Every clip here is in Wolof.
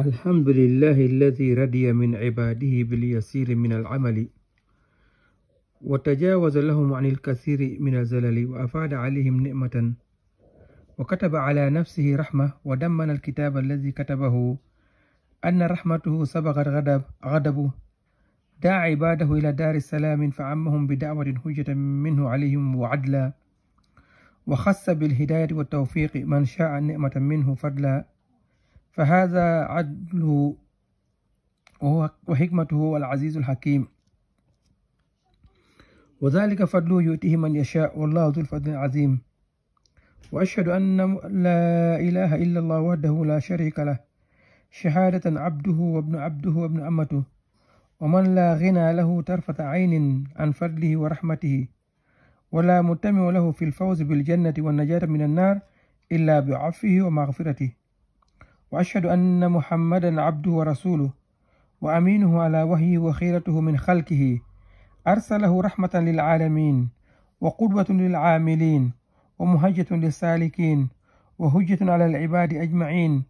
الحمد لله الذي ردي من عباده باليسير من العمل وتجاوز لهم عن الكثير من الزلل وأفاد عليهم نعمة وكتب على نفسه رحمة ودمن الكتاب الذي كتبه أن رحمته سبقت غضب غضبه دعا عباده إلى دار السلام فعمهم بدعوة حجة منه عليهم وعدلا وخص بالهداية والتوفيق من شاء نعمة منه فضلا فهذا عدله وهو وحكمته العزيز الحكيم وذلك فضله يؤتيه من يشاء والله ذو الفضل العظيم وأشهد أن لا إله إلا الله وحده لا شريك له شهادة عبده وابن عبده وابن أمته ومن لا غنى له طرفة عين عن فضله ورحمته ولا متمع له في الفوز بالجنة والنجاة من النار إلا بعفه ومغفرته وأشهد أن محمدا عبده ورسوله وأمينه على وحيه وخيرته من خلقه أرسله رحمة للعالمين وقدوة للعاملين ومهجة للسالكين وهجة على العباد أجمعين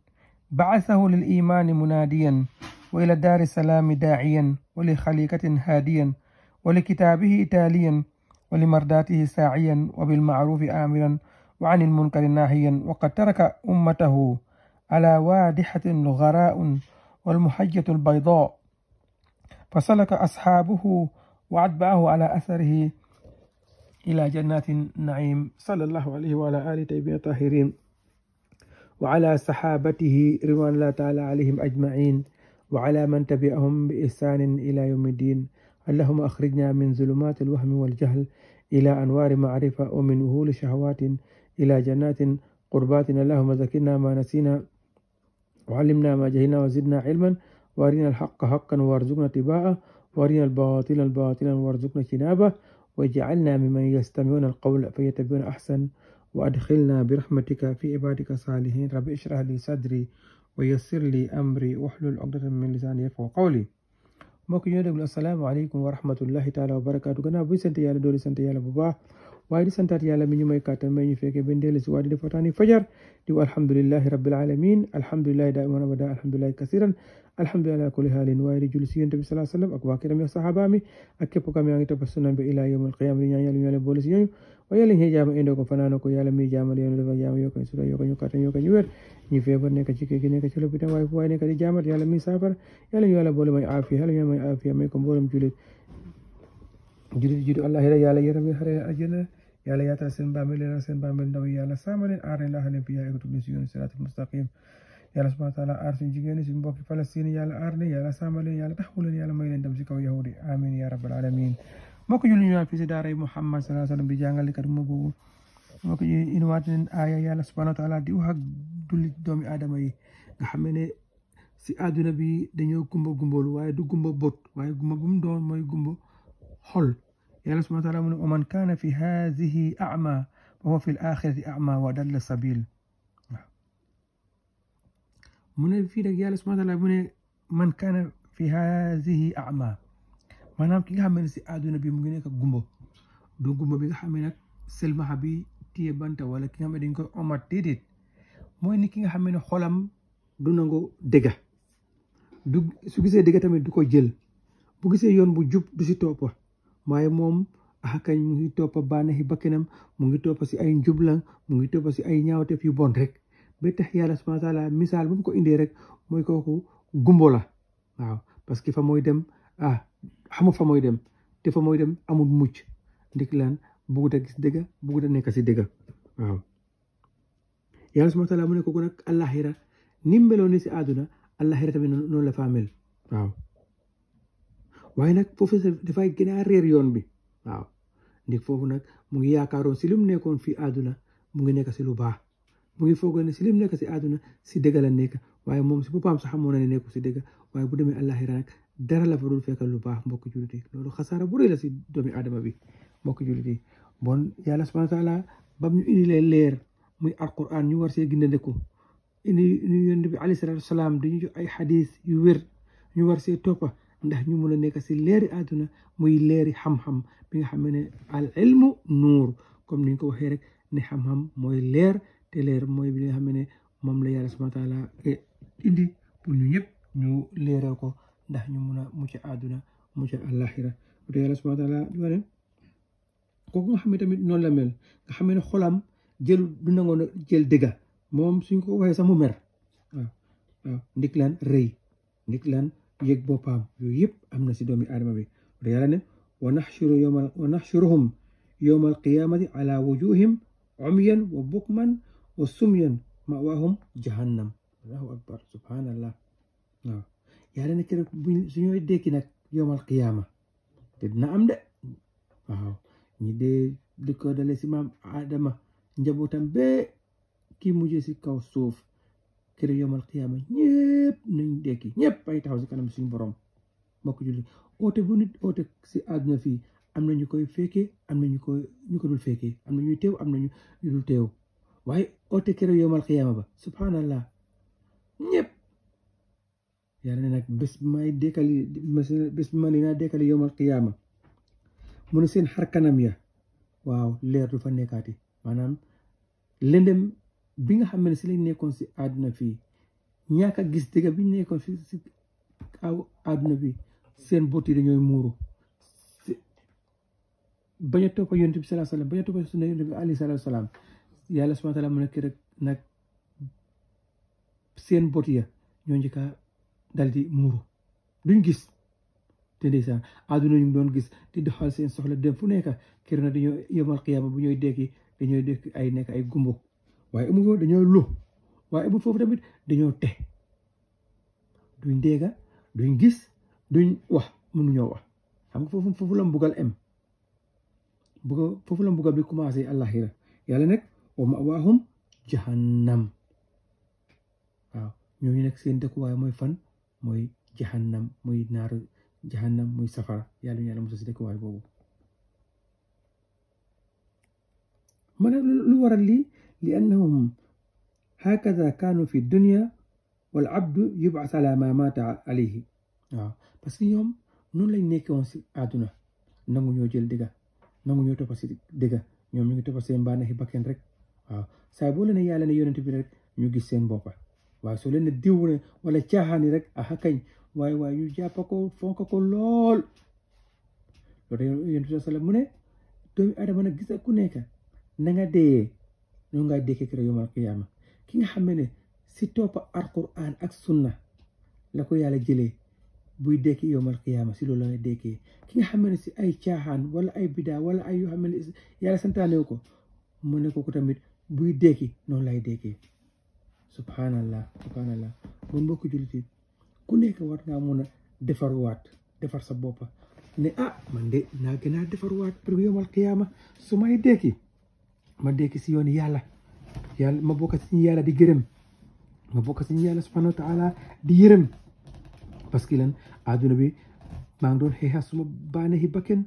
بعثه للإيمان مناديا وإلى دار السلام داعيا ولخليقة هاديا ولكتابه تاليا ولمرداته ساعيا وبالمعروف آمرا وعن المنكر ناهيا وقد ترك أمته على وادحة غراء والمحجة البيضاء فسلك أصحابه وأتبعه على أثره إلى جنات النعيم صلى الله عليه وعلى آله طيبين الطاهرين وعلى صحابته رضوان الله تعالى عليهم أجمعين وعلى من تبعهم بإحسان إلى يوم الدين اللهم أخرجنا من ظلمات الوهم والجهل إلى أنوار معرفة ومن وهول شهوات إلى جنات قربات اللهم ذكرنا ما نسينا وعلمنا ما جهلنا وزدنا علما وارنا الحق حقا وارزقنا اتباعه وارنا الباطل باطلا وارزقنا اجتنابه واجعلنا ممن يستمعون القول فيتبعون احسن وادخلنا برحمتك في عبادك الصالحين رب اشرح لي صدري ويسر لي امري واحلل عقدة من لساني يفقه قولي mbokk ñoo déglu asalaamaaleykum wa rahmatullahi taala wa waaye di santaat yàlla mi ñu may kàttan ñu fekkee benn si waa di def fajar di wa alhamdulilahi rabbil alamin alhamdulilahi waaye di julli si yonent bi ak waa kiram ya saxaaba ak képp kam yaa ngi topp sunna bi ilaa yawmal qiyaama di ñaan yàlla ñu yàlla boole si ñooñu waaye yàlla boole may aafiya may aafiya may jullit jullit allah la yàlla yërëm leen xare àjjana yàlla yaatal seen bàmmeel leeral seen bàmmeel ndaw yàlla sàmm leen aar leen laaxaleen bi yàlla tub leen si yoon siraatul mustaqim yàlla subhaana taala aar suñu jigéen ñi suñu mbokki Palestine yàlla aar leen yàlla sàmm leen yàlla taxawu leen yàlla may leen dem si kaw yahudi amin ya rabbal alamin mbokk jullit ñu fii si daaray Muhammad sallallahu alayhi wasallam bi jàngalekat mu boobu mbokk ñu inwaat leen aaya yàlla subhaana taala di wax ak dullit doomi aadama yi nga xam ne si àdduna bi dañoo gumba gumboolu waaye du gumba bot waaye gumba gum doon mooy gumba xol yàlla subhaanahu wa man kaan fi haadihi ama fa huwa fi l axirati ama dalla sabil mu ne fii nag yàlla subhaanahu wa man kaana fi haadihi ama maanaam ki nga xam ne si àdduna bi mu ngi nekk gumba du gumba bi nga xam nag selmaxa bi téye banta wala ki nga xam ne ki nga xam ne xolam du nangu gisee dëgg tamit du ko jël gisee yoon bu jub du si waaye moom axakañ ah, mu ngi toppa bànneexi bakkanam mu ngi toppa si ay njublan mu ngi toppa si ay ñaawteef yu bon rek ba tax yàlla subhaana wa taala misaal mu ko indee mooy kooku gumbo la parce que fa mooy dem ah fa mooy dem te mooy dem amul mucc ndik lan a gis dëgg bugut a nekk si dëgg mu ne kooku nag àllaaxira ni meloon ne si àdduna àllaaxira tamit noonu la fa waaye nag professeur dafay gën a réer yoon bi waaw ndi foofu nag mu ngi yaakaaroon si lim nekkoon fii àdduna mu ngi nekk si lu baax mu ngi foogoon ne si lim nekk si àdduna si dëgg la nekk waaye moom si boppam sax xamoon na nekku si dëgg waaye bu demee àllaaxira nag dara la fa dul lu baax mbokk jullit yi loolu xasaara bu la si doomi aadama bi mbokk jullit yi bon yàlla subhaana taala bam ñu indi leen leer muy alquran ñu war see gindandeku indi ñu yonent bi alayhi salaatu ay xadis yu wér ñu war see toppa ndax ñu mën a nekk si leeri àdduna muy leeri xam-xam bi nga xam ne al ilmu nuur comme ni ko waxee rek ne xam mooy leer te leer mooy bi nga xam ne moom la yàlla subhaana taala indi pour ñu ñëpp ñu leeral ko ndax ñu mën a mucc àdduna mucc àllaaxira te yàlla xam ne tamit noonu la mel nga xam ne xolam jël du nangoon jël dëgga moom suñ ko waxee sama mu mer waaw ndik lan rëy ndik lan يك بوبام يييب امنا سي دومي ادم بي ريالا ن ونحشر يوم ونحشرهم يوم القيامه على وجوههم عميا وبكما وسميا مأواهم جهنم الله اكبر سبحان الله نعم. يا رانا كير سنيو ديكي نك يوم القيامه تدنا ام ده ني دي ديكو دالي سي مام ادم نجابو تام بي كي موجي سي كاو سوف kër yomal xiyaama ñëpp nañ dekki ñëpp ay taxaw si kanam suñu borom mbokk julli oote bu nit oote si àdduna fii am na ñu koy fekkee am na ñu koy ñu ko dul fekkee am na ñuy teew am na ñu dul teew waaye oote kër yomal xiyaama ba subhanallah ñëpp yàlla ne nag bés bi may dekkali bés bi ma li naa yomal xiyaama mu seen xar kanam ya waaw leer du fa nekkaati maanaam lëndëm bi nga xam ne si lañ nekkoon si àdduna fii ñàkk a gis dëgg bi ñu nekkoon si si kaw bi seen bopp yi dañooy muuru bañ a toppa yonent bi salaa salaam bañ a toppa sunna yàlla subhaana taala mu nekk rek nag seen bopp ñoo njëkk a dal di muuru duñ gis te ndeysaan àdduna ñu doon gis di doxal seen soxla dem fu nekk keroog nag dañoo yomal qiyaama bu ñooy dekki dañooy dekk ay nekk ay gumbo waaye amul foofu waaye amul foofu tamit dañoo te duñ dégga duñ gis du wax mënuñoo wax xam nga foofu foofu la mbugal am buga foofu la mbugal bi commencé àllaxira yàlla nag wa mawaahum jahannam waaw ñooñu nag seen dëkkuwaay mooy fan mooy jahannam muy naaru jahannam muy safara yàlla ñu yàlla mosa si dëkkuwaay boobu ma ne lu waral lii لأنهم هكذا كانوا في الدنيا والعبد يبعث على ما مات عليه waaw parce que ñoom noonu lañ nekkee woon si àdduna nangu ñoo jël dëgga nangu toppa si dëgga ñoom ngi toppa seen bànneexi bakken rek waaw saa boo leen ne yàlla ne yonent bi rek ñu gis seen boppa waaye soo leen ne diw wala caaxaani rek aha kañ waaye waaye ñu jàpp ko fonk ko lool loolu mu ne doomi adama nag gis ku nekk na dee ñoo ngay dékkee kër ki nga xam ne si topp alquran ak sunna la ko yàlla jëlee buy dékki yomal qiyaama si loolu la ki xam ne si ay caaxaan wala ay bidaa wala ay yoo xam ne yàlla santaanewu ko mu ne ko tamit buy dékki noonu lay dékkee subhanallah subhanallah bon mbokk jullit yi war ngaa mun a defar sa boppa ne ah man de naa gën a defarwaat pour yomal qiyaama su may dékki ma dekk si yoon yàlla yàlla ma bokk si ñu yàlla di gërëm ma bokk si ñu yàlla subhanahu di yërëm parce que lan adduna bi maa ngi doon xeexa suma bànneexi bakken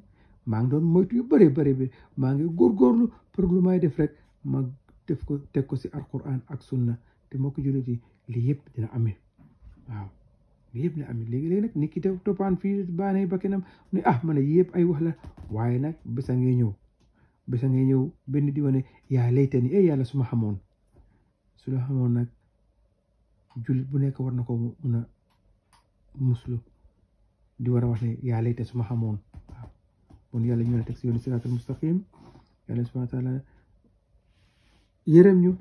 maa ngi doon moytu yu bëree bëri bi maa ngi góorgóorlu pour lu may def rek ma def ko teg ko si alquran ak sunna te moo ko jullit yi lii yëpp dina amee waaw lii yëpp dina amee léegi-léegi nag nit ki toppaan fii bànneexi bakkenam ne ah man yëpp ay wax la waaye nag bisa ngee ñëw bisa ngay ñëw benn di wane yaa layte ni eh yàlla su ma xamoon su la xamoon nag jullit bu nekk war na ko mun a muslu di war a wax ne yaa layte su ma xamoon waaw bon yàlla ñu ne teg si yoon siraatal mustaqim yàlla subhanahu wa taala yërëm ñu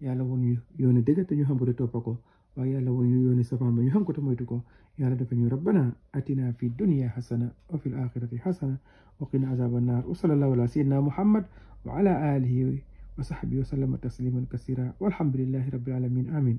yàlla woon ñu yoone dëgg te ñu xam ko te toppa ko waaye yàlla woon ñu yoone safaan ba ñu xam ko te moytu ko يا لدفني ربنا أتنا في الدنيا حسنة وفي الآخرة حسنة وقنا عذاب النار وصلى الله على سيدنا محمد وعلى آله وصحبه وسلم تسليما كثيرا والحمد لله رب العالمين آمين